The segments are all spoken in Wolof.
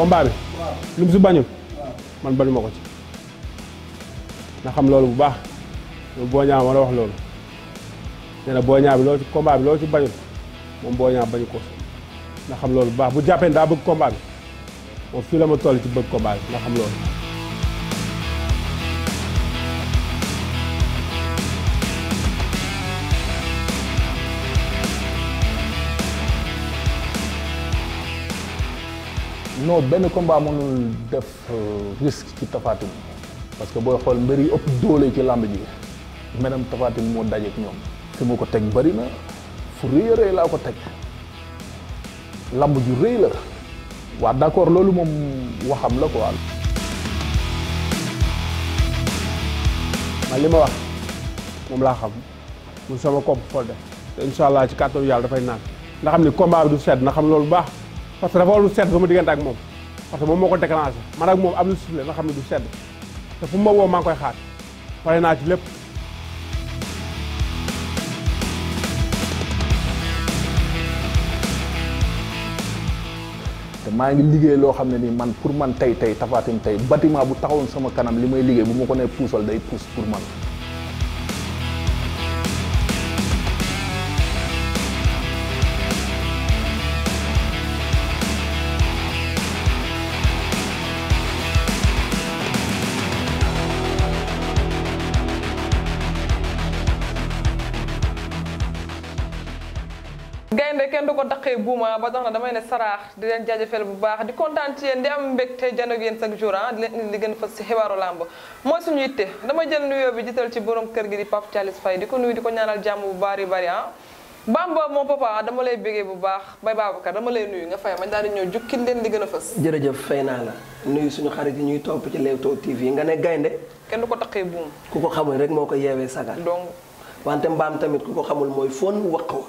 combat bi. lu mu si bañul. man bañu ma ko ci. na xam loolu bu baax loolu boo ma la wax loolu nee na boo ñaaw bi loolu ci combat bi loolu ci bañul moom boo ñaaw bañu ko na xam loolu bu baax bu jàppee daa bëgg combat bi moom fii la ma toll ci bëgg combat bi na xam loolu. non benn combat mënul def euh, risque ci Tapha parce que booy xool mbir yi ëpp doole ci làmb ji menam Tapha moo dajeek ñoom fi mu ko teg bëri na fu rëy a rëy laa ko teg làmb ju rëy la waa d'accord loolu moom waxam la quoi. man li ma wax moom laa xam mu sama kopp xool de te incha ci kàttan yàlla dafay naan nga xam ni combat bi du sedd na xam loolu baax. parce que dafa war lu sedd sama diggante ak moom parce que moom moo ko déclenché man ak moom am lu sifle nga xam ne du sedd te fu ma woo maa koy xaar pare naa ci lépp te maa ngi liggéey loo xam ne nii man pour man tey tey Tapha Tine tey bâtiment bu taxawoon sama kanam li may liggéey bu ma ko nee puusal day puus pour man gaynde kenn du ko daqee buuma ba tax na damay ne saraax di leen jaajëfel bu baax di kontaan ci yéen di am mbégte jano ak yéen chaque jour ah, li gën fës ci xibaaru làmb mooy suñu yitte dama jël nuyoo bi jiital ci borom kër gi di Pape Thialis Faye di ko di ko ñaanal jàmm bu bari bari ah Bamba moom papa dama lay bégee bu baax bay Babacar dama lay nuyu nga fay ma daal di ñëw jukki leen di gën a fës jërëjëf fay naa nuyu suñu xarit yi ñuy topp ci Leewtoo TV nga ne gaynde kenn du ko taqee buum ku ko xamul rek moo ko yeewee sagal donc wante mbaam tamit ku ko xamul mooy fon wax wa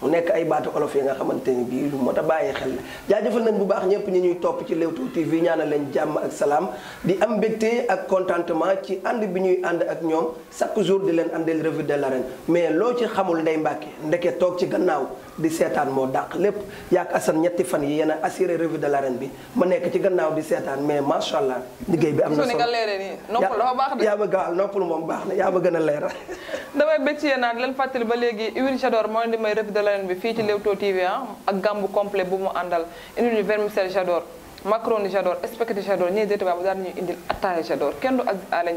mu nekk ay baati olof yi nga xamante ni bii lu mot a bàyyi xel jaajëfal nañ bu baax ñëpp ñi ñuy topp ci Leewtoo TV ñaanal leen jàmm ak salaam di am mbégte ak contentement ci ànd bi ñuy ànd ak ñoom chaque jour di leen àndeel revue de l'arène mais loo ci xamul Ndeye Mbacke ndeke toog ci gannaaw di seetaan moo dàq lépp yaak assan ñetti fan yi yéen a assuré revue de l'arène bi ma nekk ci gannaaw di seetaan mais macha allah liggéey bi am na solo yaa ma gaawal noppalu moom baax na yaa ma gën a leeral damay bëcc yéen naat leen fàttali ba léegi huile j'adore moo leen di may revue de l'arène bi fii ci Leewtoo TV ah ak gambu complet bu mu àndal indil ñu vermicelle j'adore macaroni j'adore spaghetti j'adore ñii déeta baa bu daal ñu indil attaaya j'adore kenn du ak Alain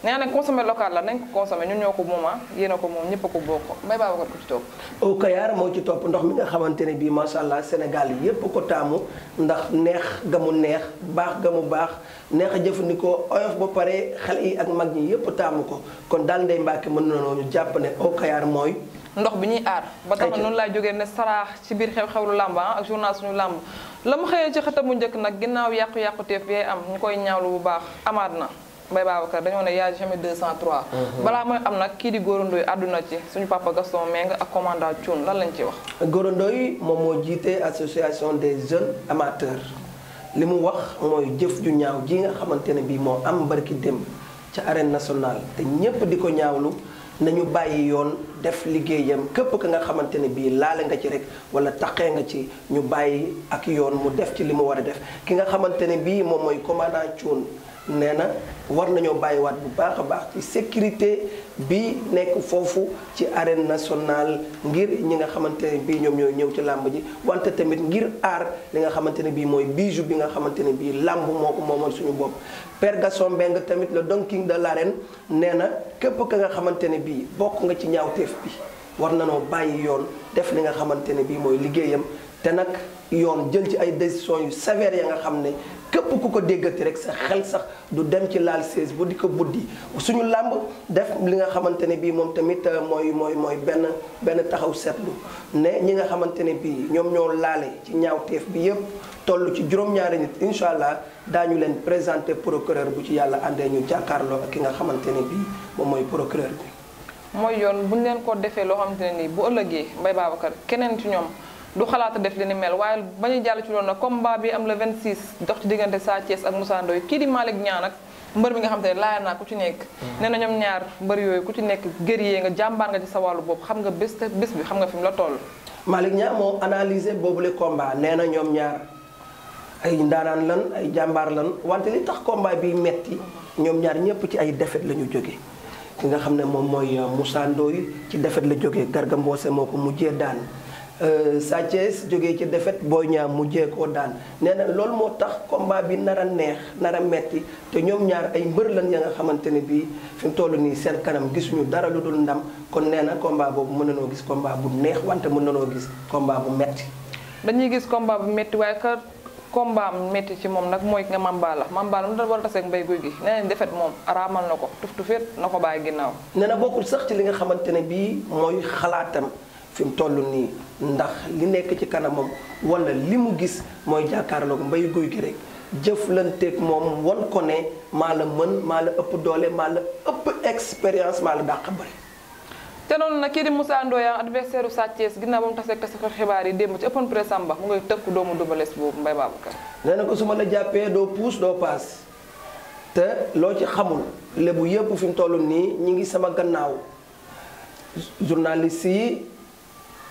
nee na consommé local la nañ ko consommé ñun ñoo ko moom ah yéen a ko moom ñëpp a ko bokk mbay baabakat ko ci topp au oh, Kayar moo ci topp ndox mi nga xamante ne bii macha allah Sénégal yépp ko taamu ndax neex ga mu neex baax ga mu baax neex a jëfandikoo oyof pare xale yi ak mag ñi yépp taamu ko kon daal Ndeye mën nañoo jàpp ne au oh, Kayar mooy ndox bi ñuy aar ba tax na noonu laay jógee ne saraax ci biir xew-xewlu làmb ah, ak journal suñu làmb la ma xëyee ci xëtamu njëkk nag ginnaaw yàqu-yàqu teef am ñu koy ñaawlu bu baax amaat na Mbaye Babacar dañoo ne yaa jamais 203. Mhm. balaa mooy am nag kii di Gora Ndoye àdduna ci suñu papa Gaston Meng ak commandant Thioune lan lañu ci wax. Gora moom moo jiite association des jeunes amateurs li mu wax mooy jëf ju ñaaw ji nga xamante ne bii moo am barki démb ca arène nationale te ñépp di ko ñaawlu. nañu bàyyi yoon def liggéeyam képp ka nga xamante ne bii laale nga ci rek wala taqee nga ci ñu bàyyi ak yoon mu def ci li mu war a def ki nga xamante ne bii moom mooy commandant Thioune nee na war nañoo bàyyiwaat bu baax a baax ci sécurité bi nekk foofu ci arène nationale ngir ñi nga xamante ne bii ñoom ñoo ñëw ci làmb ji wante tamit ngir aar li nga xamante ne bii mooy bijou bi nga xamante ne bii làmb moo ko moomal suñu bopp. Père Gaston Mbengue tamit le Don King de l'arène nee na képp ka nga xamante ne bii bokk nga ci ñaawteef bi war nañoo bàyyi yoon def li nga xamante ne bii mooy liggéeyam te nag yoon jël ci ay décisions yu sévères ya nga xam ne képp ku ko déggati rek sa xel sax du dem ci laal sees bu di ko buddi suñu làmb def li nga xamante ne bii moom tamit euh, mooy mooy mooy benn benn taxaw seetlu ne ñi nga xamante ne bii ñoom ñoo laale ci ñaaw ñaawteef bi yëpp toll ci juróom-ñaari nit incha allah daañu leen présenter procureur bu ci yàlla àndee ñu jàkkaarloo ak ki nga xamante ne bii moom mooy procureur bi. mooy yoon bu ñu leen koo defee loo xamante ne nii bu ëllëgee Mbaye Babacar keneen ci ñoom. du xalaata def li ni mel waaye ba ñu jàll ci loolu na combat bi am le 26 dox ci diggante Sa Thiès ak Moussa Ndoye kii di Malick nag mbër bi nga xam te ne laaya naa ku ci nekk mm-hmm. nee na ñoom ñaar mbër yooyu ku ci nekk guerrier nga jàmbaar nga ci sa wàllu bopp xam nga bés te bés bi xam nga fi mu la toll Malick Niang moo boobu la combat nee na ñoom ñaar ay ndaanaan lan ay jàmbaar lan wante li tax combat bi metti ñoom ñaar ñëpp ci ay défaite la ñu jóge ki nga xam ne moom mooy Moussa Ndoye ci défaite la jógee Garga Mbossé moo ko mujjee daan Euh, Sa Thiès jógee ci defet défaite Boy mu jee koo daan nee na loolu moo tax combat bi nar a neex nar a metti te ñoom ñaar ay mbër lañ ya nga xamante ne bii fi mu toll nii seen kanam gisuñu dara lu dul ndam kon nee na combat boobu mën nanoo gis combat bu neex wante mën nanoo gis combat bu metti dañuy gis combat bu metti waaye kër combat am métti ci moom nag mooy nga Mambala Mambala mu da war a taseeg mbay guy gi nee nañ defet moom araamal na ko tuf tufeet na ko bàyyi ginnaaw nee na bokkul sax ci li nga xamante ne bii mooy xalaatam fi mu toll nii ndax li nekk ci kanamam wala li mu gis mooy jàkkaarloog mbay guy gi rek jëflanteeg moom won ko ne maa la mën maa la ëpp doole maa la ëpp expérience maa la dàq te noonu nag kii di Moussa Ndoye adversaire u Sa Thiès ginnaaw ba mu tasee xibaar yi démb ci ëppoon presse am ba mu ngay tëkk doomu Double Less boobu Mbaye Babacar. nee na ko su ma la jàppee doo puus doo paas te loo ci xamul lébu yëpp fi mu toll nii ñu ngi sama gannaaw journaliste yi.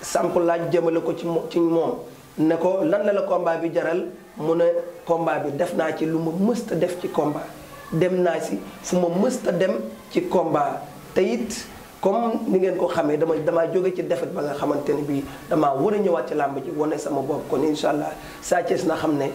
samp laaj jëmale ko ci ci moom ne ko lan la la kombaa bi jaral mu ne combat bi def naa ci lu ma mësta def ci combat dem naa si fu ma mësta dem ci combat te it comme ni ngeen ko xamee dama damaa jóge ci defet ba nga xamante ni bii damaa war a ñëwaat ci làmb ji wane sama bopp kon incha allah Sa Thiès na xam ne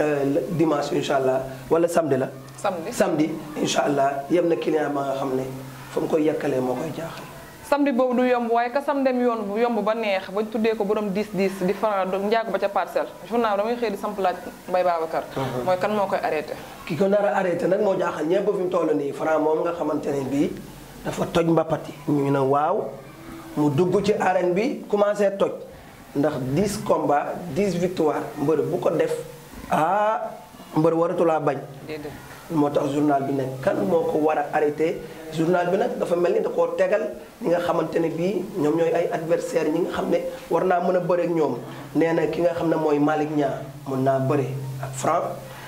euh, dimanche incha allah wala samdi la. samedi samedi incha allah yem na client ba nga xam ne fa mu koy yàkkalee moo koy jaaxal. samedi boobu du yomb waaye ka sam dem yoon yomb ba neex ba tuddee ko borom 10 10 di faral do njaago ba ca parcelle journal damay xëy di samp laaj Mbaye Babacar mhm. mooy kan moo koy arrêté ki ko nar a arrêté nag moo jaaxal ñëpp fi mu toll nii Franc moom nga xamante ne bii dafa toj mbapat yi ñu ne waaw mu dugg ci arène bi commencé toj ndax 10 combats 10 victoires mbër bu ko def ah mbër waratulaa bañ moo tax journal bi nag kan moo ko war a arrêté journal bi nag dafa mel ni da koo tegal ñi nga xamante ne bii ñoom ñooy ay adversaire ñi nga xam ne war naa mën a bëre ak ñoom nee na ki nga xam ne mooy Malick Niang mën naa bëre ak Franc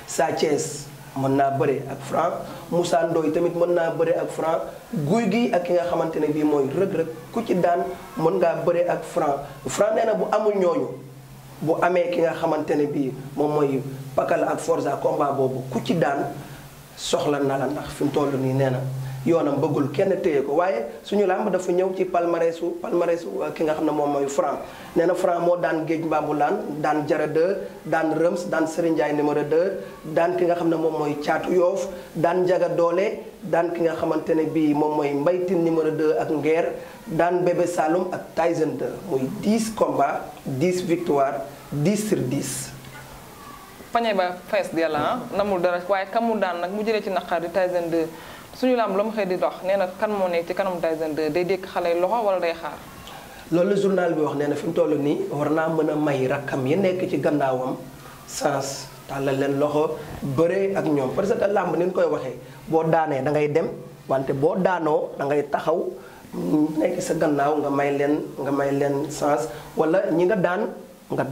Sa Thiès mën naa bëre ak Franc Moussa Ndoye tamit mën naa bëre ak Franc guy gii ak ki nga xamante ne bii mooy rëg-rëg ku ci daan mën ngaa bëre ak Franc Franc nee na bu amul ñooñu bu amee ki nga xamante ne bii moom mooy pakal ak Forza combat boobu ku ci daan soxla na la ndax fi mu toll nii nee na yoonam bëggul kenn téye ko waaye suñu làmb dafa ñëw ci palmarèsu palmarèsu euh, ki nga xam ne moom mooy Franc nee na Franc moo daan géej mbambu laan daan Jara 2 daan Rëms daan Serigne Ndiaye numéro 2 daan ki nga xam ne moom mooy Caatu Yoof daan Njaga Doole daan ki nga xamante ne bii moom mooy mbaytin numéro 2 ak Ngeer daan Bébé Saloum ak Tyson 2 muy 10 combats 10 victoires 10 sur 10 pañe ba fees dell na ah, namul dara waaye kamu daan nag mu jëlee ci naqar di Tyson 2 suñu lamb la mu xëy di wax nee na kan moo nekk ci kanam Tyson 2 day dékk xale loxo wala day xaar loolu journal bi wax nee na fi mu toll nii war naa mën a may rakkam yi nekk ci gannaawam sans tàllal leen loxo bëree ak ñoom parce que làmb ni ñu koy waxee boo daanee dangay dem wante boo daanoo da ngay taxaw mm, nekk sa gannaaw nga may leen nga may leen sance wala ñi nga daan nga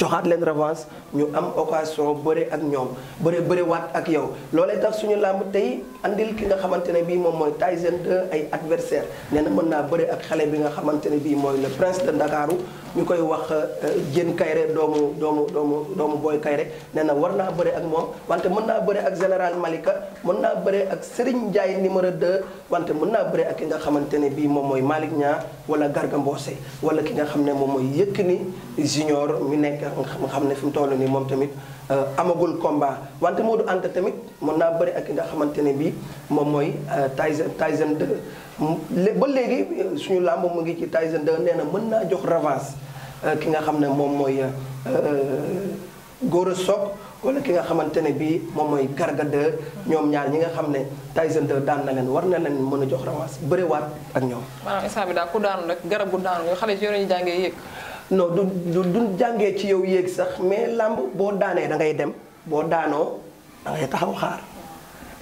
joxaat leen revanche ñu am occasion bëre ak ñoom bëre bëre waat ak yow loolee tax suñu làmb tey indil ki nga xamante ne bii moom mooy Tyson 2 ay adversaire nee na mën naa bëre ak xale bi nga xamante ne bii mooy le prince de Ndakaaru ñu koy wax jën euh, kayre doomu doomu doomu doomu booy kayre nee na war naa bëre ak moom wante mën naa bëre ak général Malika mën naa bëre ak Serigne Ndiaye numéro 2 wante mën naa bëre ak ki nga xamante ne bii moom mooy Malick Niang wala Garga Mbossé wala ki nga xam ne moom mooy Yékini junior mi nekk nga xam ne fi mu toll nii moom tamit euh, amagul combat wante Modou Anta tamit mën naa bëre ak ki nga xamante ne bii moom mooy euh, Tyson Tyson 2 ba léegi suñu làmb mu ngi ci Tyson 2 nee na mën naa jox revanche euh, ki nga xam ne moom mooy euh, Gora Sock wala ki nga xamante ne bii moom mooy Garga ñoom ñaar ñi nga xam ne Tyson 2 daan na leen war na leen mën a jox revanche bëriwaat ak ñoom. maanaam instant bi daal ku daanu rek garab gu daanu nga xale ci yow lañu jàngee yéeg. non du du jàngee ci yow yéeg sax mais làmb boo daanee da ngay dem boo daanoo da taxaw xaar.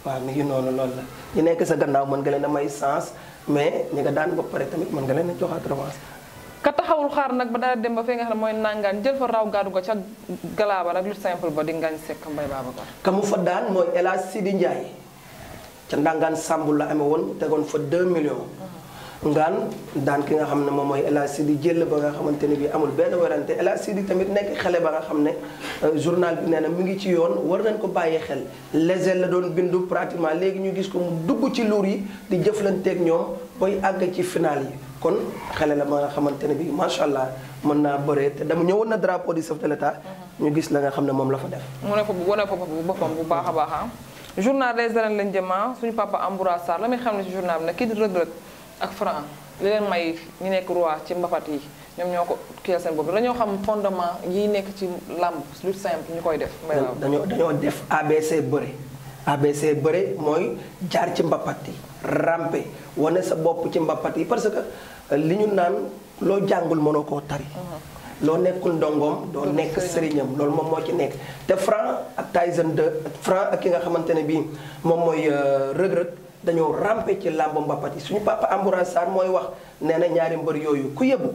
waaw mi ngi noonu loolu la ñu nekk sa gannaaw mën nga leen a may sens mais ñi nga daan ba pare tamit mën nga leen a joxaat revanche ka taxawul xaar nag ba daal dem ba fee nga xam ne mooy nangaan jël fa raw gaadu ko ca galaaba nag lu simple ba di ngaañ sekk mbay Babacar ka mu fa daan mooy El Hadj di Ndiaye ca ndangaan sàmbul la amee woon tegoon fa 2 millions ngaan daan ki nga xam ne moom mooy El Hadj Sidi jël ba nga xamante ne bii amul benn werante El Hadj Sidi tamit nekk xale ba nga xam ne euh, journal bi nee na mu ngi ci yoon war nañ ko bàyyi xel lesel la doon bindu pratiquement léegi ñu gis ko mu dugg ci luur yi di jëflanteeg ñoom booy àgg ci final yi kon xale la ba nga xamante ne bii macha allah mën naa bëree te dama ñëwoon na drapeau du mhm. ñu gis la nga xam ne moom la fa def. mu ne ko wane ko boppam bu a baax ah. journal des arènes lañ jëmaa ah. suñu papa Amboura la muy xam ne ci journal bi nag kii di Reug Reug ak Franc li leen may ñi nekk roi ci mbapat yi ñoom ñoo ko kiyal seen bopp dañoo xam fondement yi nekk ci làmb lutte simple ñu koy def. dañoo dañoo def ABC bëre. ABC bëre mooy jaar ci mbapat yi rampe wane sa bopp ci mbapat yi parce que euh, li ñu naan loo jàngul mënoo koo tari. Mm-hmm. loo nekkul ndongoom doo nekk sëriñam loolu moom moo ci nekk te Franc ak Tyson de Franc ak ki nga xamante ne bii moom mooy euh, rëg-rëg. dañoo rampe ci làmb mbappat yi suñu papa Ambroise Sarr mooy wax nee na ñaari mbër yooyu ku yëbu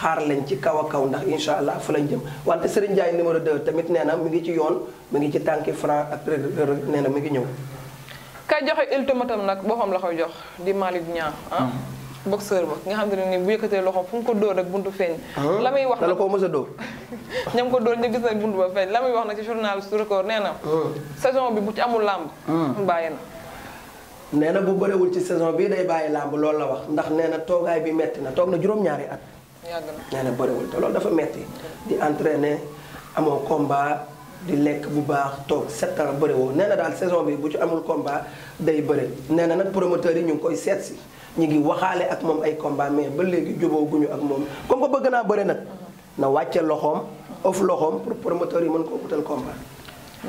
xaar lañ ci kaw a kaw ndax incha allah fa lañ jëm wante Serigne Ndiaye numéro de tamit nee na mi ngi ci yoon mu ngi ci tànki franc ak rëg nee na mi ngi ñëw. kay joxe ultimatum nag boo xam la koy jox di Malick Niang ah. Hmm. boxeur ba nga xam ne ni bu yëkkatee loxoom fu mu ko dóor rek buntu feeñ. Ah, la muy wax dala koo mës a dóor. ñam ko dóor ñu la muy wax nag ci journal su record nee na. Ah. saison bi bu ci amul làmb. Ah. bàyyi na. nee na bu bëriwul ci saison bii day bàyyi làmb loolu la wax ndax nee na toogaay bi metti na toog na juróom-ñaari at. yàgg na na bëriwul te loolu dafa metti di entraîner amoo combat di lekk bu baax toog sept ans bëriwoo nee daal saison bii bu ci amul combat day bëri nee na nag promoteurs yi ñu ngi koy seet si ñu ngi waxaale ak moom ay combat mais ba léegi juboo guñu ak moom comme ko bëgg naa bëri nag na wàcce loxoom off loxoom pour promoteurs yi mën koo utal combat.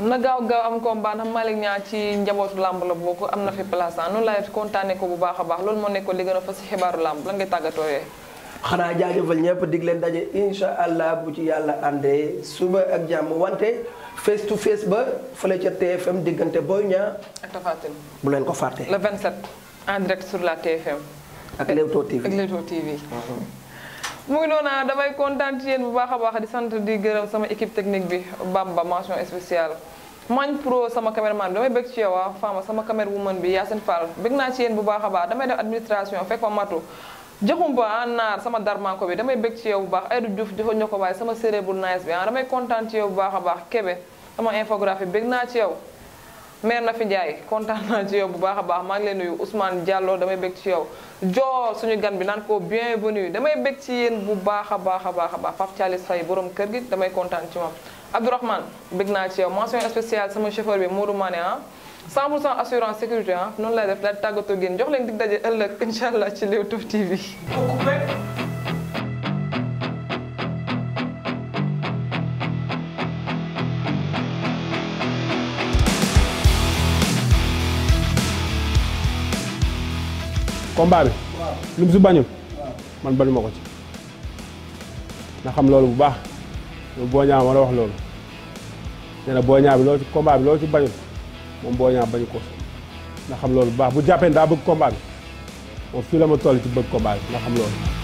na gaaw gaaw am combat ndax Malick Niang ci njabootu làmb la bokk am na fi place ah noonu laay ko bu baax a baax loolu moo nekkoon li gën a fas ci xibaaru làmb lan ngay tàggatoo yee. xanaa jaajëfal ñëpp dig leen daje incha allah bu ci yàlla àndee suba ak jàmm wante face to face ba fële ca TFM diggante Boy Niang ak Tapha bu leen ko fàtte. le 27 en direct sur la TFM. ak Leewtoo TV ak Leewtoo TV. Mhm. mu ngi noona damay kontaan ci yéen bu baax a baax di sant di gërëm sama équipe technique bi Bamba mention spéciale Magne Pro sama caméraman bi damay bëgg ci a ah, Fama sama caméra woman bi seen Fall bëgg naa ci yéen bu baax a baax damay def administration fekk ma matu joxum ba ah, naar sama darmanko bi damay bëgg ci yow bu baax Aïdou Diouf jofa ño ko waaye sama céré bu nice bi ah damay kontaan ci yow bu baax a baax Kébé sama infographie bëgg naa ci yow maire Nafi Ndiaye kontaan naa ci yow bu baax a baax maa ngi lay nuyu Ousmane Diallo damay bég ci yow joo suñu gan bi naan ko bienvenue damay bég ci yéen bu baax a baax a baax a baax Pape Thialis Faye borom kër gi damay kontaan ci moom Abdourahmane bég naa ci yow mention spéciale sama chauffeur bi Modou Mané ah 100 pour cent assurance sécurité ah noonu lay def la tàggatoo génn jox leen dig daje ëllëg incha allah ci Leewtoo TV combat bi. lu si bañul. man bañu ma ko ci. na xam loolu bu baax loolu booñaa war wax loolu nee na booñaa bi loolu ci combat loolu ci bañul moom booñaa bañu ko na xam loolu bu baax bu jàppee daa bëgg combat oo fii la ma toll ci bëgg combat bi na xam loolu.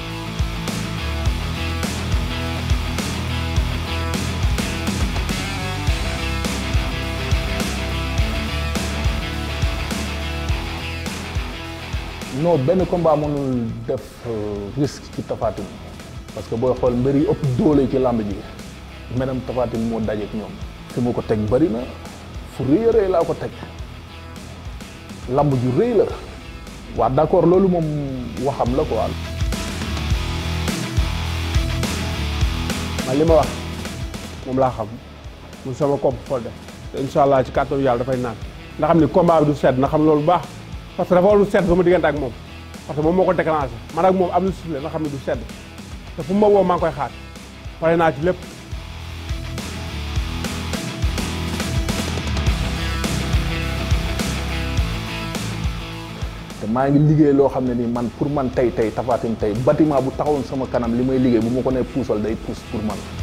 non benn combat mënul def euh, risque ci Tapha parce que booy xool mbër yi ëpp doole ci làmb ji menam Tapha Tine moo dajeek ñoom fi mu ko teg bari na fu rëy a rëy laa ko teg làmb ju rëy la waa d'accord loolu moom waxam la quoi man li ma wax moom laa xam mun sama kopp fol de te incha ci kàttan yàlla dafay naan nga xam ni combat bi du sedd na xam loolu baax parce que dafa war lu sedd sama diggante ak moom parce que moom moo ko déclenché man ak moom am lu sifle na xam ne du sedd te fu ma woo maa ngi koy xaar pare naa ci lépp te maa ngi liggéey loo xam ne ni man pour man tey tey Tapha tey bâtiment bu taxawoon sama kanam li may liggéey bu ma ko nee puusal day puus pour man